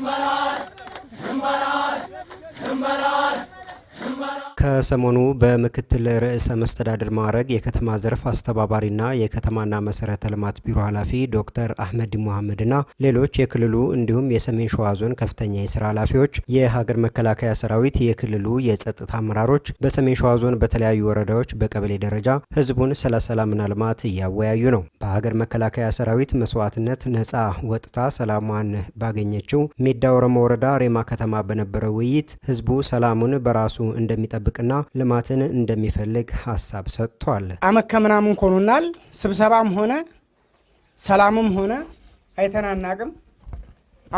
Hımbalar! Hımbalar! Hımbalar! ከሰሞኑ በምክትል ርዕሰ መስተዳድር ማዕረግ የከተማ ዘርፍ አስተባባሪና የከተማና መሰረተ ልማት ቢሮ ኃላፊ ዶክተር አህመድ መሐመድና ሌሎች የክልሉ እንዲሁም የሰሜን ሸዋ ዞን ከፍተኛ የስራ ኃላፊዎች፣ የሀገር መከላከያ ሰራዊት፣ የክልሉ የጸጥታ አመራሮች በሰሜን ሸዋ ዞን በተለያዩ ወረዳዎች በቀበሌ ደረጃ ህዝቡን ስለ ሰላምና ልማት እያወያዩ ነው። በሀገር መከላከያ ሰራዊት መስዋዕትነት ነጻ ወጥታ ሰላሟን ባገኘችው ሜዳ ወረሞ ወረዳ ሬማ ከተማ በነበረው ውይይት ህዝቡ ሰላሙን በራሱ እንደሚጠብቅ የሚጠብቅና ልማትን እንደሚፈልግ ሀሳብ ሰጥቷል። አመት ከምናምን ኮኑናል። ስብሰባም ሆነ ሰላምም ሆነ አይተናናቅም።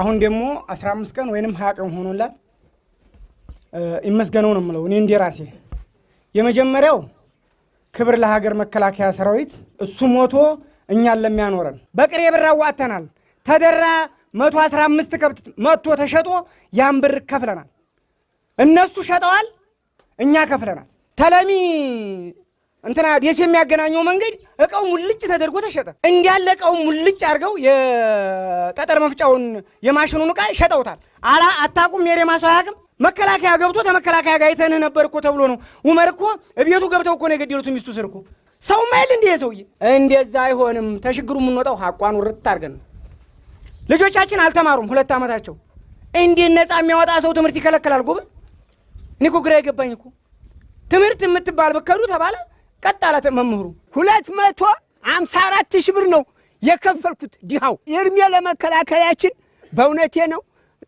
አሁን ደግሞ 15 ቀን ወይንም ሀያ ቀን ሆኖላል። ይመስገነው ነው የምለው እኔ እንዲ ራሴ የመጀመሪያው ክብር ለሀገር መከላከያ ሰራዊት እሱ ሞቶ እኛን ለሚያኖረን በቅሬ ብር አዋጥተናል። ተደራ 115 ከብት መጥቶ ተሸጦ ያን ብር ከፍለናል። እነሱ ሸጠዋል። እኛ ከፍለናል። ተለሚ እንትና ደሴ የሚያገናኘው መንገድ እቃው ሙልጭ ተደርጎ ተሸጠ። እንዲያለ እቃው ሙልጭ አድርገው የጠጠር መፍጫውን የማሽኑን እቃ ሸጠውታል። አላ አታቁም የሬ ማሰው መከላከያ ገብቶ ተመከላከያ ጋር አይተንህ ነበር እኮ ተብሎ ነው። ኡመር እኮ ቤቱ ገብተው እኮ ነው የገደሉት። ሚስቱ ስር እኮ ሰው ማይል እንዲህ ሰውዬ እንደዛ አይሆንም። ተሽግሩ የምንወጣው ሀቋን ውርት አድርገን ልጆቻችን አልተማሩም። ሁለት ዓመታቸው እንዲህ ነፃ የሚያወጣ ሰው ትምህርት ይከለከላል ጎበዝ እኔ ግራ የገባኝ እኮ ትምህርት የምትባል በከሉ ተባለ። ቀጥ አላት መምህሩ ሁለት መቶ አምሳ አራት ሺህ ብር ነው የከፈልኩት። ዲሃው የእድሜ ለመከላከያችን በእውነቴ ነው።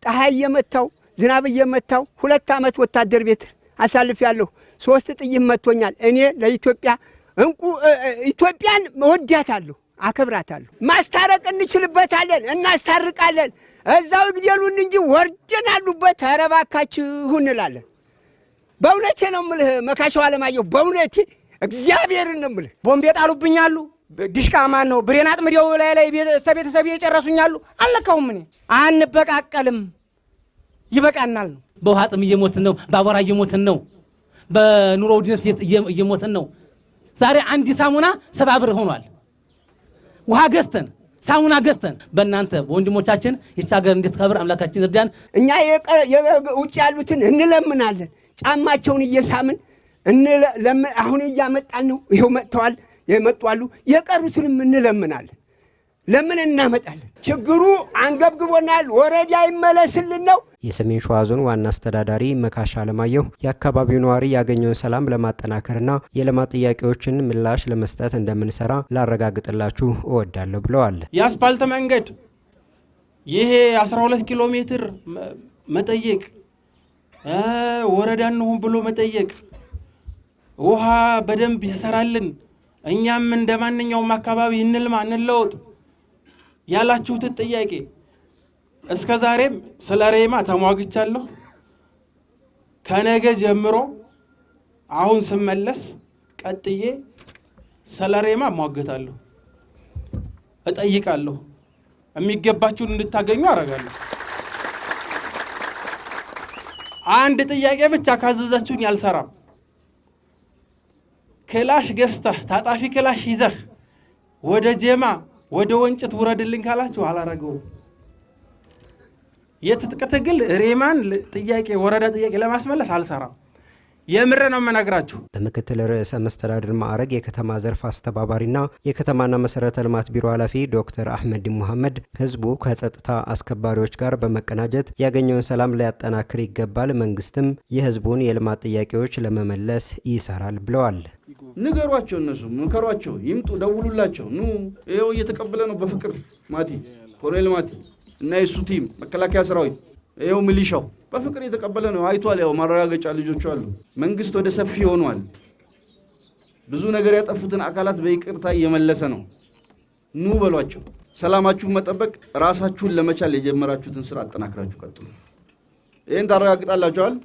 ፀሐይ እየመታው ዝናብ እየመታው ሁለት ዓመት ወታደር ቤት አሳልፍ ያለሁ ሶስት ጥይት መቶኛል። እኔ ለኢትዮጵያ እንቁ ኢትዮጵያን እወዳታለሁ፣ አከብራታለሁ። ማስታረቅ እንችልበታለን፣ እናስታርቃለን። እዛው ይግደሉን እንጂ ወርደን አሉበት። ተረባካችሁ እንላለን። በእውነቴ ነው የምልህ መካሻው አለማየሁ፣ በእውነቴ እግዚአብሔርን ነው የምልህ። ቦምቤ ጣሉብኛሉ፣ ድሽቃ ማን ነው ብሬን አጥምደው ላይ ላይ እስከ ቤተሰብ የጨረሱኛሉ። አሉ። አልለካውም እኔ አንበቃቀልም፣ ይበቃናል ነው። በውሃ ጥም እየሞትን ነው፣ በአቧራ እየሞትን ነው፣ በኑሮ ውድነት እየሞትን ነው። ዛሬ አንድ ሳሙና ሰባ ብር ሆኗል። ውሃ ገዝተን ሳሙና ገዝተን በእናንተ በወንድሞቻችን ይቻገር እንድትከብር አምላካችን እርዳን። እኛ ውጭ ያሉትን እንለምናለን ጫማቸውን እየሳምን አሁን እያመጣን ነው። ይኸው መጥተዋል፣ የመጧሉ። የቀሩትንም እንለምናለን፣ ለምን እናመጣለን። ችግሩ አንገብግቦናል። ወረዳ ይመለስልን ነው። የሰሜን ሸዋ ዞን ዋና አስተዳዳሪ መካሻ አለማየሁ የአካባቢው ነዋሪ ያገኘውን ሰላም ለማጠናከርና የልማት ጥያቄዎችን ምላሽ ለመስጠት እንደምንሰራ ላረጋግጥላችሁ እወዳለሁ ብለዋል። የአስፓልት መንገድ ይሄ 12 ኪሎ ሜትር መጠየቅ ወረዳ እንሁን ብሎ መጠየቅ፣ ውሃ በደንብ ይሰራልን፣ እኛም እንደ ማንኛውም አካባቢ እንልማ እንለወጥ ያላችሁትን ጥያቄ እስከ ዛሬም ስለ ሬማ ተሟግቻለሁ። ከነገ ጀምሮ አሁን ስመለስ ቀጥዬ ስለ ሬማ እሟገታለሁ፣ እጠይቃለሁ። የሚገባችሁን እንድታገኙ አደርጋለሁ። አንድ ጥያቄ ብቻ ካዘዛችሁኝ አልሰራም። ክላሽ ገዝተህ ታጣፊ ክላሽ ይዘህ ወደ ጀማ ወደ ወንጭት ውረድልኝ ካላችሁ አላረገውም። የትጥቅ ትግል ሬማን ጥያቄ ወረዳ ጥያቄ ለማስመለስ አልሰራም። የምር ነው የምነግራችሁ። በምክትል ርዕሰ መስተዳድር ማዕረግ የከተማ ዘርፍ አስተባባሪና የከተማና መሰረተ ልማት ቢሮ ኃላፊ ዶክተር አህመድ ሙሐመድ ህዝቡ ከጸጥታ አስከባሪዎች ጋር በመቀናጀት ያገኘውን ሰላም ሊያጠናክር ይገባል፣ መንግስትም የህዝቡን የልማት ጥያቄዎች ለመመለስ ይሰራል ብለዋል። ንገሯቸው፣ እነሱ ምከሯቸው፣ ይምጡ፣ ደውሉላቸው፣ ኑ። ይኸው እየተቀበለ ነው በፍቅር ማቲ ኮሎኔል ማቲ እና የሱ ቲም መከላከያ ሰራዊት ይኸው ሚሊሻው በፍቅር የተቀበለ ነው። አይቷል፣ ያው ማረጋገጫ ልጆቹ አሉ። መንግስት ወደ ሰፊ ሆኗል። ብዙ ነገር ያጠፉትን አካላት በይቅርታ እየመለሰ ነው። ኑ በሏቸው። ሰላማችሁን መጠበቅ፣ ራሳችሁን ለመቻል የጀመራችሁትን ስራ አጠናክራችሁ ቀጥሉ። ይህን ታረጋግጣላችኋል።